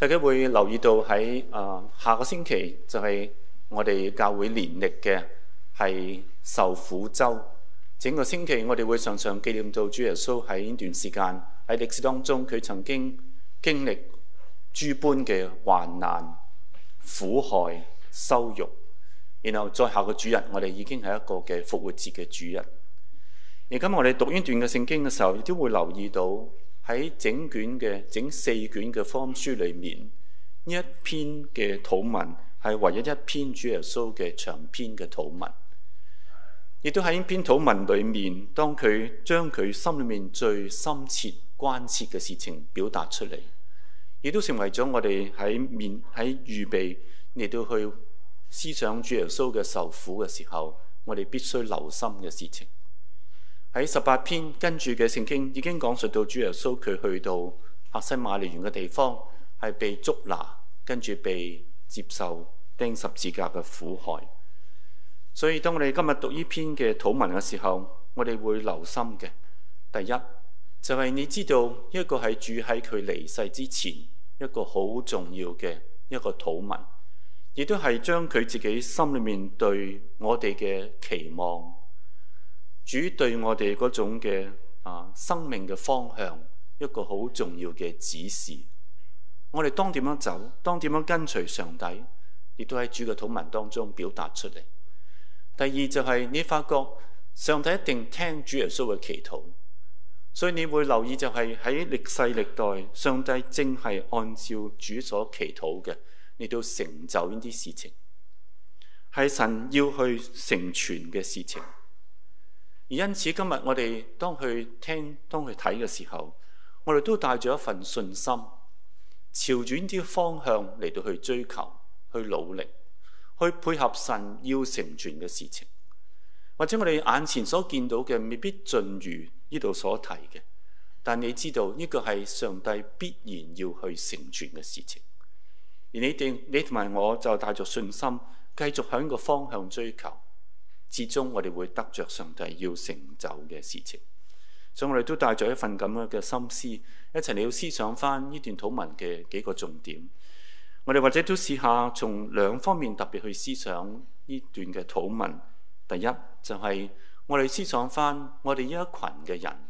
大家會留意到喺誒、呃、下個星期就係我哋教會年曆嘅係受苦週，整個星期我哋會常常紀念到主耶穌喺呢段時間喺歷史當中佢曾經經歷諸般嘅患難、苦害、羞辱，然後再下個主日我哋已經係一個嘅復活節嘅主日。而今日我哋讀呢段嘅聖經嘅時候，亦都會留意到。喺整卷嘅整四卷嘅方書裏面，呢一篇嘅禱文，係唯一一篇主耶穌嘅長篇嘅禱文，亦都喺篇禱文裏面，當佢將佢心裏面最深切關切嘅事情表達出嚟，亦都成為咗我哋喺面喺預備嚟到去思想主耶穌嘅受苦嘅時候，我哋必須留心嘅事情。.喺十八篇跟住嘅聖經已經講述到主耶穌佢去到客西馬尼園嘅地方係被捉拿，跟住被接受釘十字架嘅苦害。所以當我哋今日讀呢篇嘅禱文嘅時候，我哋會留心嘅。第一就係、是、你知道一個係住喺佢離世之前一個好重要嘅一個禱文，亦都係將佢自己心裏面對我哋嘅期望。主對我哋嗰種嘅啊生命嘅方向一個好重要嘅指示，我哋當點樣走，當點樣跟隨上帝，亦都喺主嘅禱文當中表達出嚟。第二就係、是、你發覺上帝一定聽主耶穌嘅祈禱，所以你會留意就係喺歷世歷代上帝正係按照主所祈禱嘅嚟到成就呢啲事情，係神要去成全嘅事情。而因此，今日我哋當去聽、當去睇嘅時候，我哋都帶住一份信心，朝轉啲方向嚟到去追求、去努力、去配合神要成全嘅事情。或者我哋眼前所見到嘅未必盡如呢度所提嘅，但你知道呢個係上帝必然要去成全嘅事情。而你定你同埋我就帶着信心，繼續向個方向追求。始終我哋會得着上帝要成就嘅事情，所以我哋都帶咗一份咁樣嘅心思，一齊嚟要思想翻呢段禱文嘅幾個重點。我哋或者都試下從兩方面特別去思想呢段嘅禱文。第一就係我哋思想翻我哋呢一群嘅人，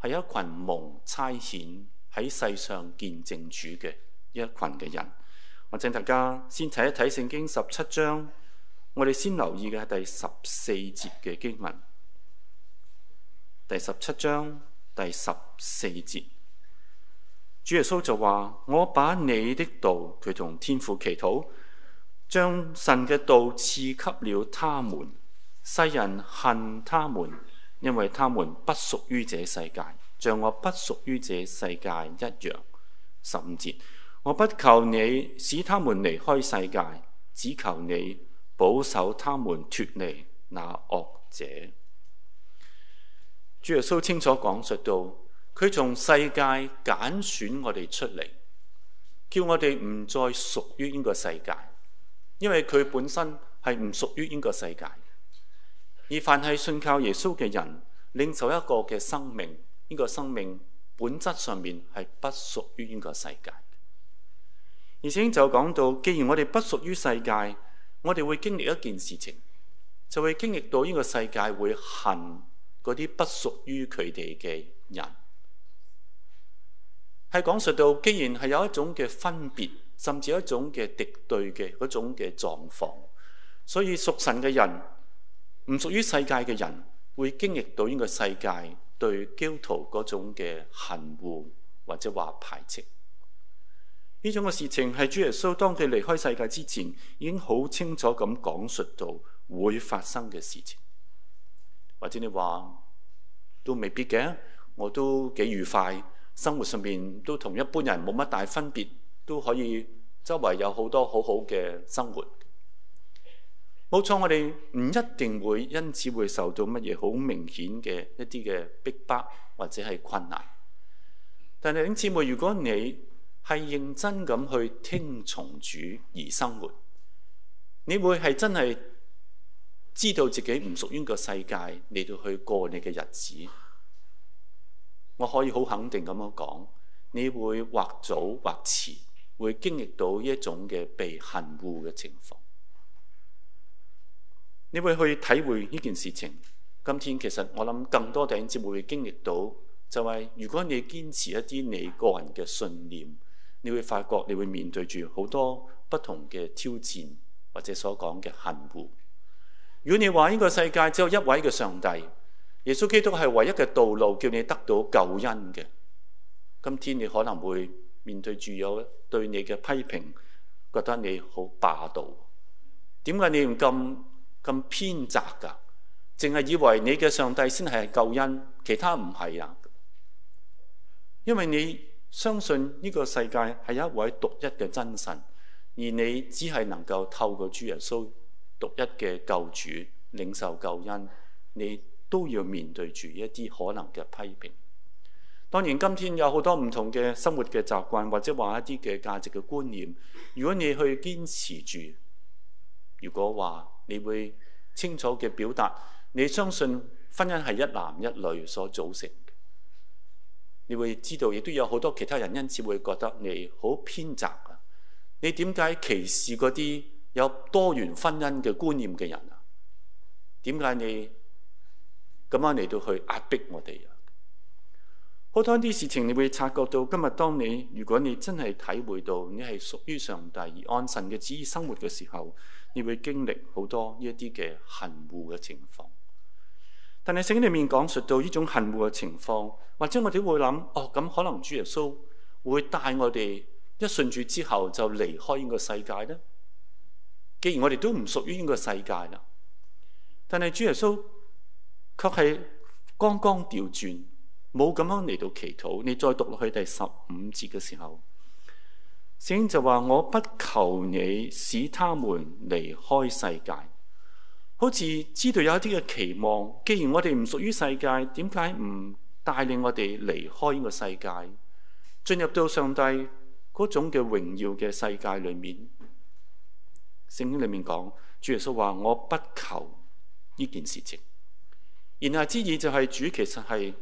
係一群蒙差遣喺世上見證主嘅一群嘅人。我請大家先睇一睇聖經十七章。我哋先留意嘅係第十四節嘅經文，第十七章第十四節。主耶穌就話：我把你的道佢同天父祈禱，將神嘅道賜給了他們。世人恨他們，因為他們不屬於這世界，像我不屬於這世界一樣。十五節，我不求你使他們離開世界，只求你。保守他們脱離那惡者。主耶穌清楚講述到，佢從世界揀選我哋出嚟，叫我哋唔再屬於呢個世界，因為佢本身係唔屬於呢個世界。而凡係信靠耶穌嘅人，領受一個嘅生命，呢個生命本質上面係不屬於呢個世界。而且就講到，既然我哋不屬於世界。我哋會經歷一件事情，就會經歷到呢個世界會恨嗰啲不屬於佢哋嘅人。喺講述到，既然係有一種嘅分別，甚至一種嘅敵對嘅嗰種嘅狀況，所以屬神嘅人，唔屬於世界嘅人，會經歷到呢個世界對基督徒嗰種嘅恨惡或者話排斥。呢種嘅事情係主耶穌當佢離開世界之前，已經好清楚咁講述到會發生嘅事情。或者你話都未必嘅，我都幾愉快，生活上面都同一般人冇乜大分別，都可以周圍有很多很好多好好嘅生活。冇錯，我哋唔一定會因此會受到乜嘢好明顯嘅一啲嘅逼迫或者係困難。但係，弟兄姊妹，如果你係認真咁去聽從主而生活，你會係真係知道自己唔屬於個世界嚟到去過你嘅日子。我可以好肯定咁樣講，你會或早或遲會經歷到一種嘅被恨惡嘅情況。你會去體會呢件事情。今天其實我諗更多弟兄姊妹會經歷到就係，如果你堅持一啲你個人嘅信念。你會發覺你會面對住好多不同嘅挑戰，或者所講嘅恨惡。如果你話呢個世界只有一位嘅上帝，耶穌基督係唯一嘅道路，叫你得到救恩嘅。今天你可能會面對住有對你嘅批評，覺得你好霸道。點解你唔咁咁偏窄噶？淨係以為你嘅上帝先係救恩，其他唔係啊？因為你。相信呢個世界係一位獨一嘅真神，而你只係能夠透過主耶穌獨一嘅救主，領受救恩，你都要面對住一啲可能嘅批評。當然，今天有好多唔同嘅生活嘅習慣，或者話一啲嘅價值嘅觀念，如果你去堅持住，如果話你會清楚嘅表達，你相信婚姻係一男一女所組成。你會知道，亦都有好多其他人因此會覺得你好偏窄啊！你點解歧視嗰啲有多元婚姻嘅觀念嘅人啊？點解你咁樣嚟到去壓迫我哋啊？好多啲事情，你會察覺到今日，當你如果你真係體會到你係屬於上帝而按神嘅旨意生活嘅時候，你會經歷好多呢一啲嘅恨惡嘅情況。但係聖經裏面講述到呢種恨惡嘅情況，或者我哋會諗，哦，咁可能主耶穌會帶我哋一順住之後就離開呢個世界咧？既然我哋都唔屬於呢個世界啦，但係主耶穌卻係剛剛調轉，冇咁樣嚟到祈禱。你再讀落去第十五節嘅時候，聖經就話，我不求你使他們離開世界。好似知道有一啲嘅期望，既然我哋唔屬於世界，點解唔帶領我哋離開呢個世界，進入到上帝嗰種嘅榮耀嘅世界裏面？聖經裏面講，主耶穌話：我不求呢件事情。言下之意就係主其實係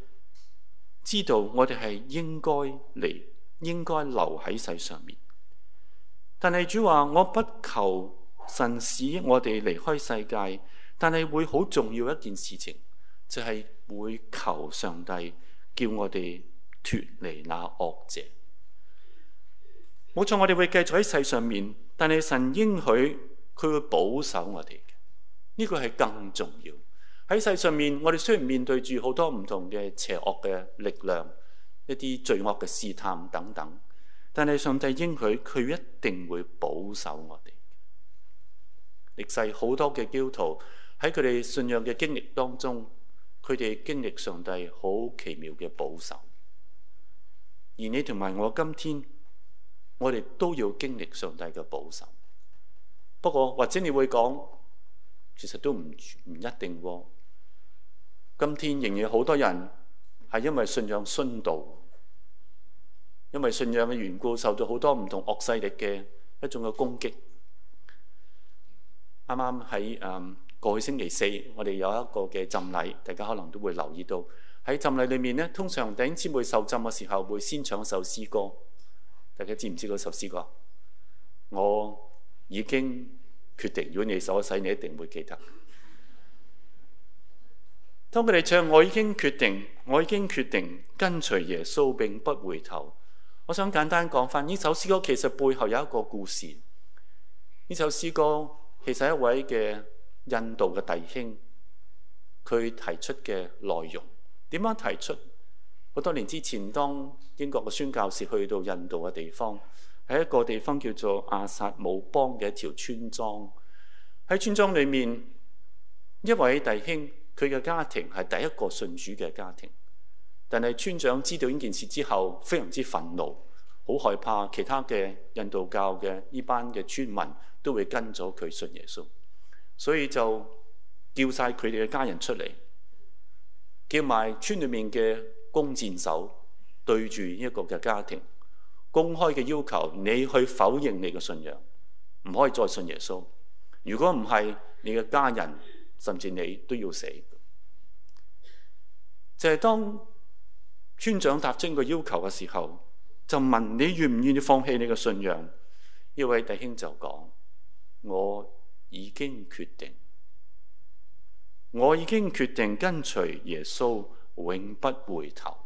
知道我哋係應該嚟，應該留喺世上面。但係主話：我不求。神使我哋離開世界，但係會好重要一件事情，就係、是、會求上帝叫我哋脫離那惡者。冇錯，我哋會繼續喺世上面，但係神應許佢會保守我哋呢、呢個係更重要喺世上面。我哋雖然面對住好多唔同嘅邪惡嘅力量、一啲罪惡嘅試探等等，但係上帝應許佢一定會保守我哋。歷世好多嘅基督徒喺佢哋信仰嘅經歷當中，佢哋經歷上帝好奇妙嘅保守。而你同埋我今天，我哋都要經歷上帝嘅保守。不過或者你會講，其實都唔唔一定喎。今天仍然好多人係因為信仰殉道，因為信仰嘅緣故受到好多唔同惡勢力嘅一種嘅攻擊。啱啱喺誒過去星期四，我哋有一個嘅浸禮，大家可能都會留意到喺浸禮裏面咧，通常頂姊妹受浸嘅時候會先唱一首詩歌。大家知唔知嗰首詩歌？我已經決定，如果你所使，你一定會記得。當佢哋唱，我已經決定，我已經決定，跟隨耶穌並不回頭。我想簡單講翻呢首詩歌，其實背後有一個故事。呢首詩歌。其實一位嘅印度嘅弟兄，佢提出嘅內容點樣提出？好多年之前，當英國嘅宣教士去到印度嘅地方，喺一個地方叫做阿薩姆邦嘅一條村莊，喺村莊裏面，一位弟兄佢嘅家庭係第一個信主嘅家庭，但係村長知道呢件事之後，非常之憤怒，好害怕其他嘅印度教嘅呢班嘅村民。都會跟咗佢信耶穌，所以就叫晒佢哋嘅家人出嚟，叫埋村裏面嘅弓箭手對住一個嘅家庭公開嘅要求：你去否認你嘅信仰，唔可以再信耶穌。如果唔係，你嘅家人甚至你都要死。就係、是、當村長達尊個要求嘅時候，就問你願唔願意放棄你嘅信仰？呢位弟兄就講。我已經決定，我已經決定跟隨耶穌，永不回頭。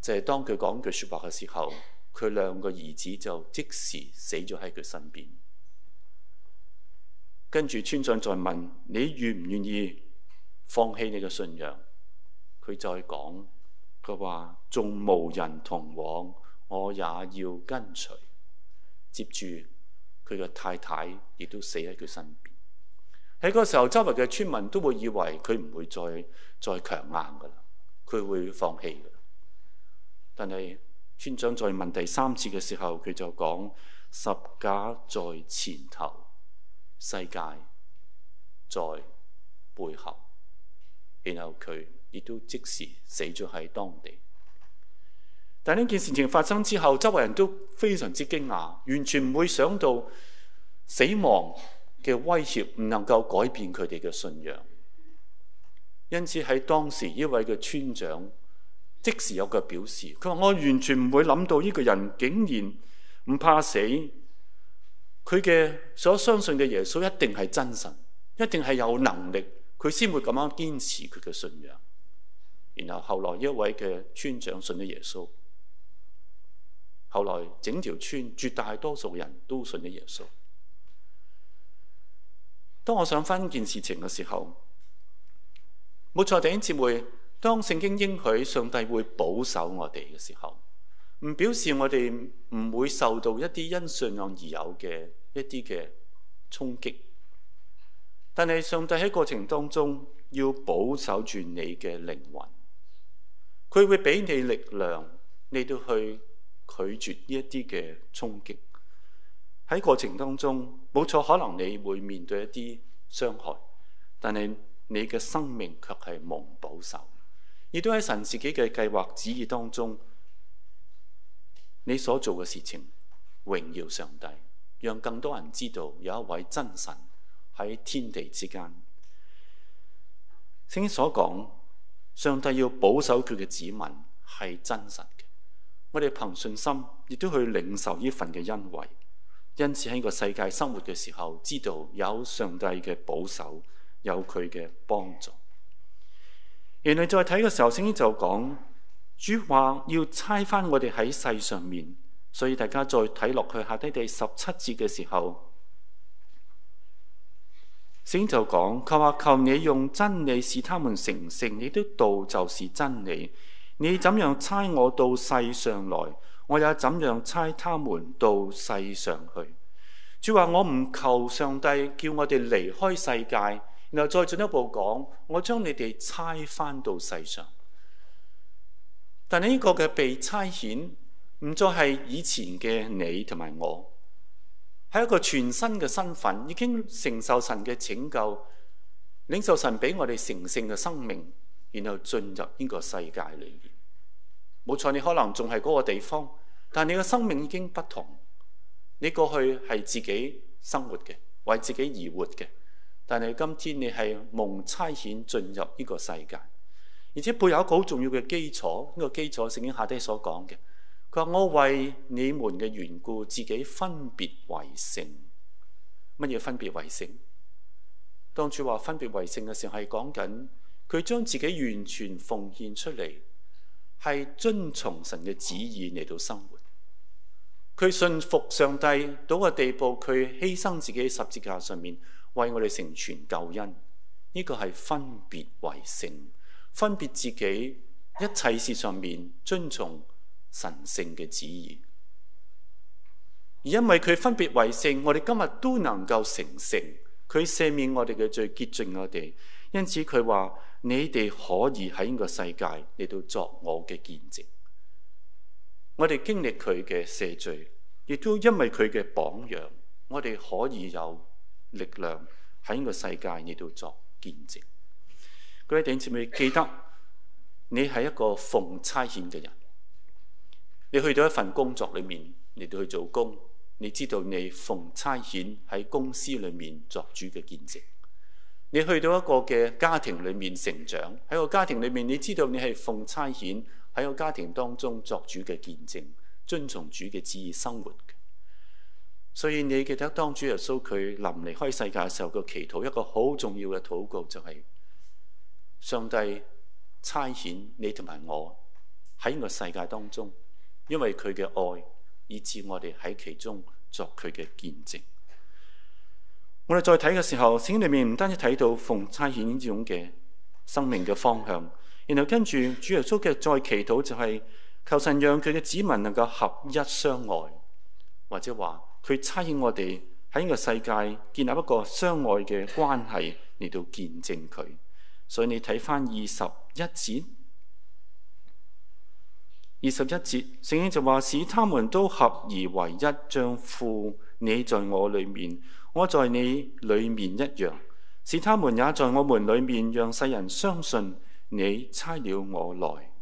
就係、是、當佢講句説話嘅時候，佢兩個兒子就即時死咗喺佢身邊。跟住村長再問：你願唔願意放棄你嘅信仰？佢再講：佢話仲無人同往，我也要跟隨。接住。佢嘅太太亦都死喺佢身邊。喺嗰時候，周圍嘅村民都會以為佢唔會再再強硬噶啦，佢會放棄嘅。但係村長再問第三次嘅時候，佢就講十架在前頭，世界在背後，然後佢亦都即時死咗喺當地。但呢件事情發生之後，周圍人都非常之驚訝，完全唔會想到死亡嘅威脅唔能夠改變佢哋嘅信仰。因此喺當時呢位嘅村長即時有個表示，佢話，我完全唔會諗到呢個人竟然唔怕死。佢嘅所相信嘅耶穌一定係真神，一定係有能力，佢先會咁樣堅持佢嘅信仰。然後後來一位嘅村長信咗耶穌。後來整條村絕大多數人都信咗耶穌。當我想翻件事情嘅時候，冇錯，弟兄姊妹，當聖經應許上帝會保守我哋嘅時候，唔表示我哋唔會受到一啲因信仰而有嘅一啲嘅衝擊。但係上帝喺過程當中要保守住你嘅靈魂，佢會俾你力量，你都去。拒絕呢一啲嘅衝擊，喺過程當中，冇錯，可能你會面對一啲傷害，但係你嘅生命卻係蒙保守，亦都喺神自己嘅計劃旨意當中，你所做嘅事情榮耀上帝，讓更多人知道有一位真神喺天地之間。聖經所講，上帝要保守佢嘅子民係真神。我哋憑信心，亦都去領受呢份嘅恩惠。因此喺個世界生活嘅時候，知道有上帝嘅保守，有佢嘅幫助。原來再睇嘅時候，聖經就講：主話要差遣我哋喺世上面。所以大家再睇落去下低第十七節嘅時候，聖經就講：佢話求你用真理使他們成聖，你的道就是真理。你怎樣差我到世上來，我也怎樣差他們到世上去。主話我唔求上帝叫我哋離開世界，然後再進一步講，我將你哋差翻到世上。但呢個嘅被差遣，唔再係以前嘅你同埋我，係一個全新嘅身份，已經承受神嘅拯救，領受神俾我哋成聖嘅生命。然後進入呢個世界裏面，冇錯，你可能仲係嗰個地方，但係你嘅生命已經不同。你過去係自己生活嘅，為自己而活嘅，但係今天你係蒙差遣進入呢個世界，而且背後一個好重要嘅基礎。呢個基礎聖經下低所講嘅，佢話我為你們嘅緣故，自己分別為聖。乜嘢分別為聖？當主話分別為聖嘅時候，係講緊。佢將自己完全奉獻出嚟，係遵從神嘅旨意嚟到生活。佢信服上帝到個地步，佢犧牲自己喺十字架上面，為我哋成全救恩。呢、這個係分別為聖，分別自己一切事上面遵從神聖嘅旨意。而因為佢分別為聖，我哋今日都能夠成聖。佢赦免我哋嘅罪，潔淨我哋。因此佢話。你哋可以喺呢個世界嚟到作我嘅見證，我哋經歷佢嘅赦罪，亦都因為佢嘅榜樣，我哋可以有力量喺呢個世界嚟到作見證。各位弟兄姊妹，記得你係一個奉差遣嘅人，你去到一份工作裏面嚟到去做工，你知道你奉差遣喺公司裏面作主嘅見證。你去到一個嘅家庭裏面成長，喺個家庭裏面，你知道你係奉差遣喺個家庭當中作主嘅見證，遵從主嘅旨意生活。所以你記得當主耶穌佢臨離開世界嘅時候，個祈禱一個好重要嘅禱告就係：上帝差遣你同埋我喺呢個世界當中，因為佢嘅愛以至我哋喺其中作佢嘅見證。我哋再睇嘅時候，聖經裏面唔單止睇到奉差遣呢種嘅生命嘅方向，然後跟住主耶穌嘅再祈禱就係求神讓佢嘅子民能夠合一相愛，或者話佢差遣我哋喺呢個世界建立一個相愛嘅關係嚟到見證佢。所以你睇翻二十一節，二十一節聖經就話使他們都合而為一，將父你在我裏面。我在你裏面一樣，使他們也在我們裏面，讓世人相信你差了我來。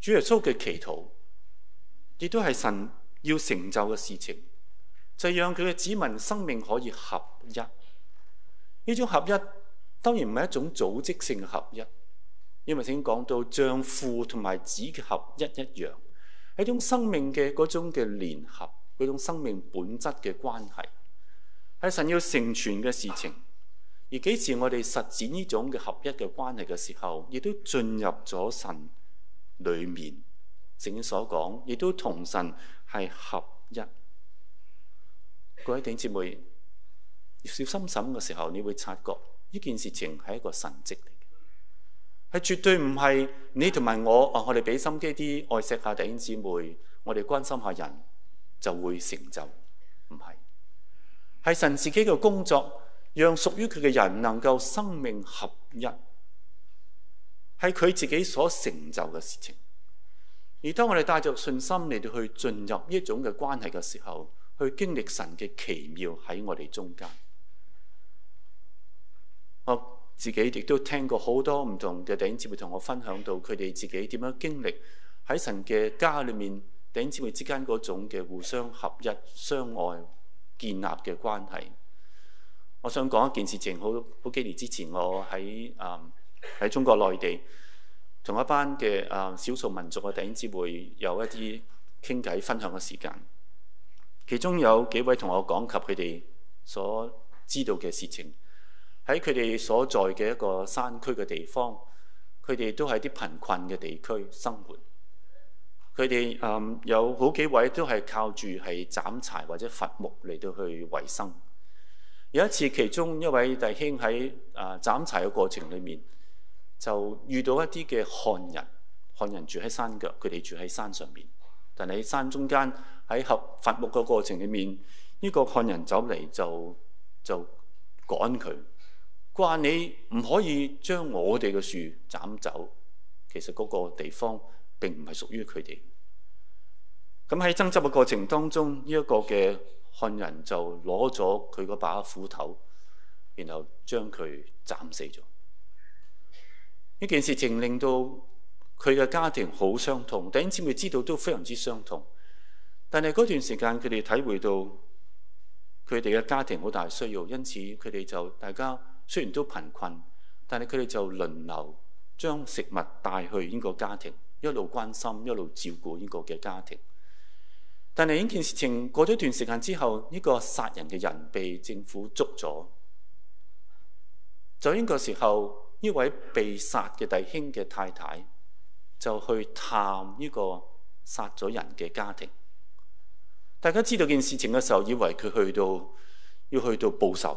主耶穌嘅祈禱，亦都係神要成就嘅事情，就係讓佢嘅子民生命可以合一。呢種合一當然唔係一種組織性合一，因為先講到像父同埋子嘅合一一樣，係一種生命嘅嗰種嘅聯合。嗰種生命本質嘅關係，係神要成全嘅事情，而幾時我哋實踐呢種嘅合一嘅關係嘅時候，亦都進入咗神裡面。聖經所講，亦都同神係合一。各位弟兄姊妹，要小心審嘅時候，你會察覺呢件事情係一個神跡嚟嘅，係絕對唔係你同埋我啊。我哋俾心機啲愛惜下弟兄姊妹，我哋關心下人。就會成就，唔係，係神自己嘅工作，讓屬於佢嘅人能夠生命合一，係佢自己所成就嘅事情。而當我哋帶着信心嚟到去進入呢一種嘅關係嘅時候，去經歷神嘅奇妙喺我哋中間。我自己亦都聽過好多唔同嘅弟兄姊妹同我分享到佢哋自己點樣經歷喺神嘅家裏面。弟兄姊妹之間嗰種嘅互相合一、相愛、建立嘅關係，我想講一件事情。好好幾年之前我，我喺誒喺中國內地，同一班嘅誒少數民族嘅弟兄姊妹有一啲傾偈分享嘅時間。其中有幾位同我講及佢哋所知道嘅事情，喺佢哋所在嘅一個山區嘅地方，佢哋都係啲貧困嘅地區生活。佢哋誒有好幾位都係靠住係斬柴或者伐木嚟到去維生。有一次，其中一位弟兄喺誒斬柴嘅過程裏面，就遇到一啲嘅漢人。漢人住喺山腳，佢哋住喺山上面。但喺山中間喺合伐木嘅過程裏面，呢個漢人走嚟就就趕佢，話你唔可以將我哋嘅樹斬走。其實嗰個地方。並唔係屬於佢哋。咁喺爭執嘅過程當中，呢一個嘅漢人就攞咗佢嗰把斧頭，然後將佢斬死咗。呢件事情令到佢嘅家庭好傷痛，弟兄姊妹知道都非常之傷痛。但係嗰段時間，佢哋體會到佢哋嘅家庭好大需要，因此佢哋就大家雖然都貧困，但係佢哋就輪流將食物帶去呢個家庭。一路關心，一路照顧呢個嘅家庭。但係呢件事情過咗段時間之後，呢個殺人嘅人被政府捉咗。就呢個時候，呢位被殺嘅弟兄嘅太太就去探呢個殺咗人嘅家庭。大家知道件事情嘅時候，以為佢去到要去到報仇，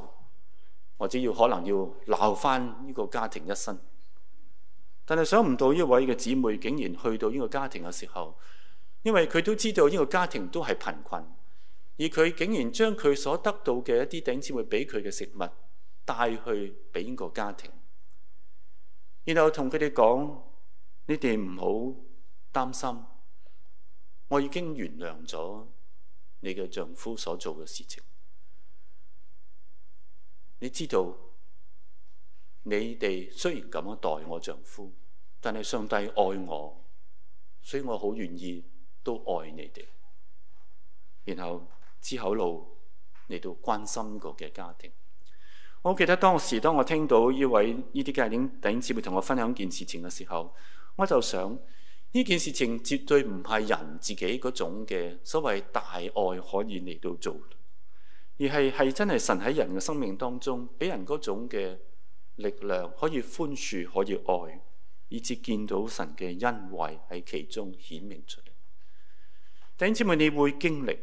或者要可能要鬧翻呢個家庭一生。但係想唔到呢位嘅姊妹竟然去到呢個家庭嘅時候，因為佢都知道呢個家庭都係貧困，而佢竟然將佢所得到嘅一啲頂姊妹俾佢嘅食物帶去俾呢個家庭，然後同佢哋講：你哋唔好擔心，我已經原諒咗你嘅丈夫所做嘅事情。你知道？你哋雖然咁樣待我丈夫，但係上帝愛我，所以我好願意都愛你哋。然後之後路嚟到關心過嘅家庭，我記得當時當我聽到呢位呢啲家庭頂姊妹同我分享一件事情嘅時候，我就想呢件事情絕對唔係人自己嗰種嘅所謂大愛可以嚟到做，而係係真係神喺人嘅生命當中俾人嗰種嘅。力量可以寬恕，可以愛，以至見到神嘅恩惠喺其中顯明出嚟。弟兄姊妹，你會經歷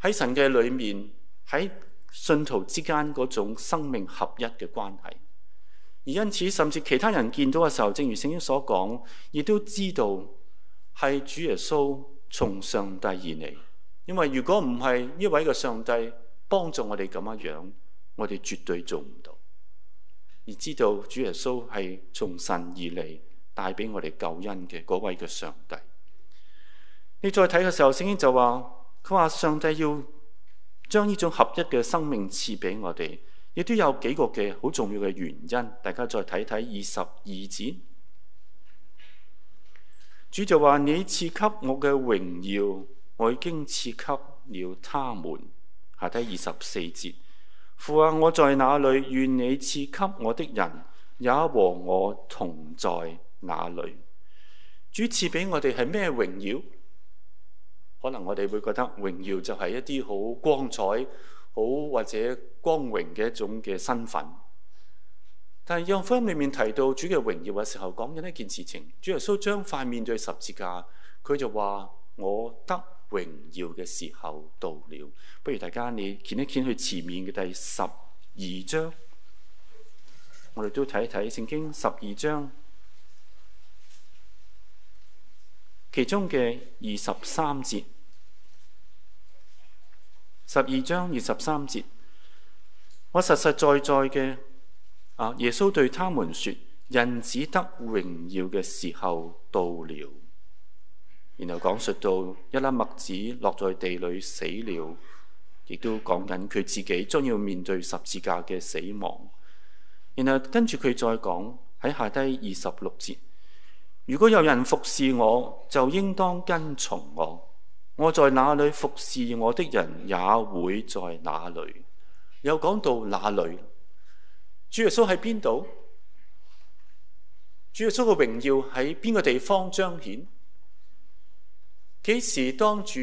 喺神嘅裏面，喺信徒之間嗰種生命合一嘅關係。而因此，甚至其他人見到嘅時候，正如聖經所講，亦都知道係主耶穌從上帝而嚟。因為如果唔係呢位嘅上帝幫助我哋咁樣樣，我哋絕對做唔到。而知道主耶穌係從神而嚟，帶俾我哋救恩嘅嗰位嘅上帝。你再睇嘅時候，聖經就話佢話上帝要將呢種合一嘅生命賜俾我哋，亦都有幾個嘅好重要嘅原因。大家再睇睇二十二節，主就話你賜給我嘅榮耀，我已經賜給了他們。下低二十四節。父啊，我在哪裏？願你賜給我的人也和我同在那裡。主賜俾我哋係咩榮耀？可能我哋會覺得榮耀就係一啲好光彩、好或者光榮嘅一種嘅身份。但係約翰福音裏面提到主嘅榮耀嘅時候，講緊一件事情。主耶穌將塊面對十字架，佢就話：我得。榮耀嘅時候到了，不如大家你見一見去前面嘅第十二章，我哋都睇一睇聖經十二章其中嘅二十三節。十二章二十三節，我實實在在嘅啊，耶穌對他們說：人子得榮耀嘅時候到了。然後講述到一粒麥子落在地裏死了，亦都講緊佢自己將要面對十字架嘅死亡。然後跟住佢再講喺下低二十六節：如果有人服侍我，就應當跟從我。我在哪裏服侍我的人，也會在哪裏。又講到哪裏？主耶穌喺邊度？主耶穌嘅榮耀喺邊個地方彰顯？幾時當主，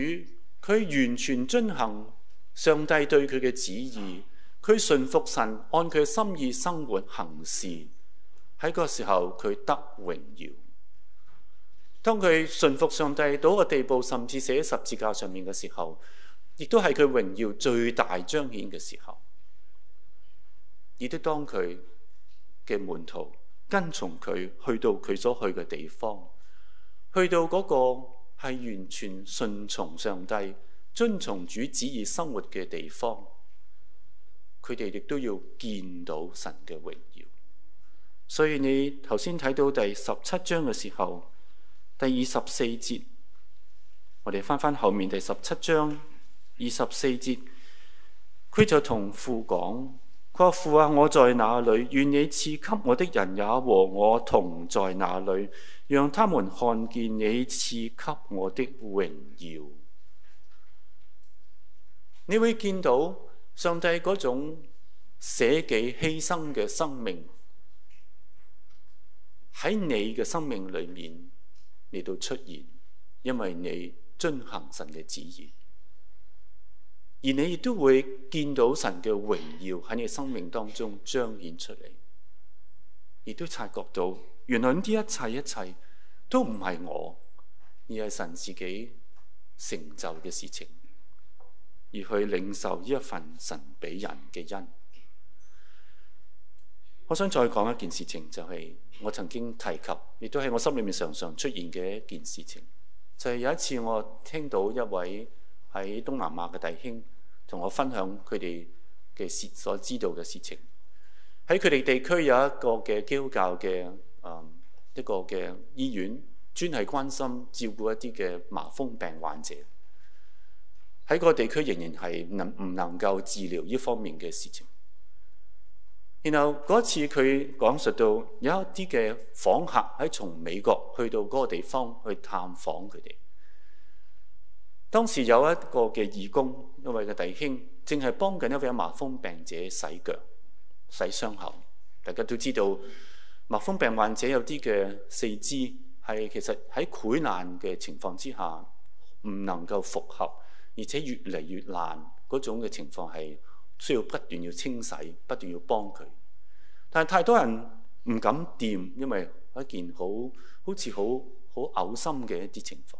佢完全遵行上帝對佢嘅旨意，佢順服神，按佢心意生活行事。喺個時候，佢得榮耀。當佢順服上帝到個地步，甚至寫喺十字架上面嘅時候，亦都係佢榮耀最大彰顯嘅時候。亦都當佢嘅門徒跟從佢，去到佢所去嘅地方，去到嗰、那個。係完全順從上帝、遵從主旨意生活嘅地方，佢哋亦都要見到神嘅榮耀。所以你頭先睇到第十七章嘅時候，第二十四節，我哋翻翻後面第十七章二十四節，佢就同父講。佢話，父啊，我在哪裏，願你賜給我的人也和我同在那裏，讓他們看見你賜給我的榮耀。你會見到上帝嗰種捨己犧牲嘅生命喺你嘅生命裏面嚟到出現，因為你遵行神嘅旨意。而你亦都會見到神嘅榮耀喺你生命當中彰顯出嚟，亦都察覺到原來呢一切一切都唔係我，而係神自己成就嘅事情，而去領受呢一份神俾人嘅恩。我想再講一件事情，就係我曾經提及，亦都喺我心裏面常常出現嘅一件事情，就係有一次我聽到一位。喺東南亞嘅弟兄同我分享佢哋嘅事所知道嘅事情，喺佢哋地區有一個嘅基督教嘅誒、嗯、一個嘅醫院，專係關心照顧一啲嘅麻風病患者。喺嗰個地區仍然係能唔能夠治療呢方面嘅事情。然後嗰次佢講述到有一啲嘅訪客喺從美國去到嗰個地方去探訪佢哋。當時有一個嘅義工，一位嘅弟兄正係幫緊一位麻風病者洗腳、洗傷口。大家都知道，麻風病患者有啲嘅四肢係其實喺潰爛嘅情況之下，唔能夠復合，而且越嚟越爛。嗰種嘅情況係需要不斷要清洗、不斷要幫佢。但係太多人唔敢掂，因為一件好好似好好嘔心嘅一啲情況。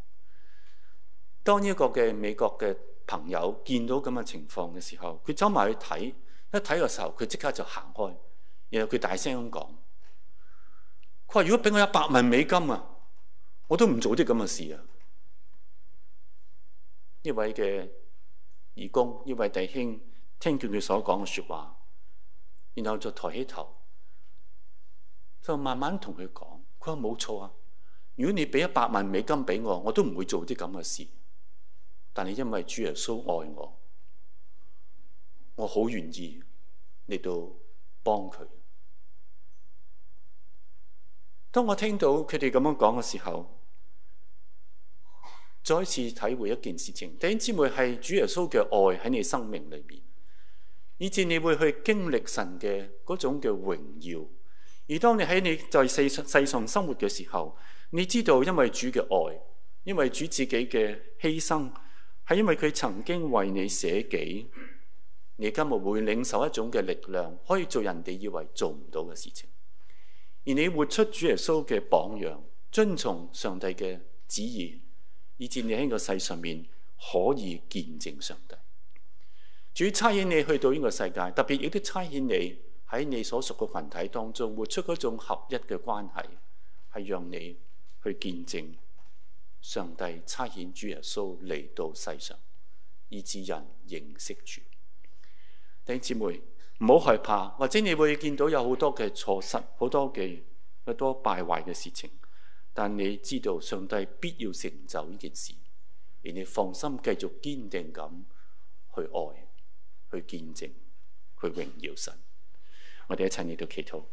當呢一個嘅美國嘅朋友見到咁嘅情況嘅時候，佢走埋去睇，一睇嘅時候，佢即刻就行開，然後佢大聲咁講，佢話如果俾我一百萬美金啊，我都唔做啲咁嘅事啊！呢位嘅義工，呢位弟兄聽見佢所講嘅説話，然後就抬起頭，就慢慢同佢講，佢話冇錯啊，如果你俾一百萬美金俾我，我都唔會做啲咁嘅事。但係，因為主耶穌愛我，我好願意嚟到幫佢。當我聽到佢哋咁樣講嘅時候，再次體會一件事情：弟兄姊妹係主耶穌嘅愛喺你生命裏面，以至你會去經歷神嘅嗰種嘅榮耀。而當你喺你在世世上生活嘅時候，你知道因為主嘅愛，因為主自己嘅犧牲。係因為佢曾經為你捨己，你今日會領受一種嘅力量，可以做人哋以為做唔到嘅事情。而你活出主耶穌嘅榜樣，遵從上帝嘅旨意，以致你喺個世上面可以見證上帝。主差遣你去到呢個世界，特別亦都差遣你喺你所屬嘅群體當中活出嗰種合一嘅關係，係讓你去見證。上帝差遣主耶穌嚟到世上，以致人認識主。弟兄姊妹唔好害怕，或者你會見到有好多嘅錯失，好多嘅多敗壞嘅事情。但你知道上帝必要成就呢件事，而你放心繼續堅定咁去愛、去見證、去榮耀神。我哋一齊嚟到祈禱。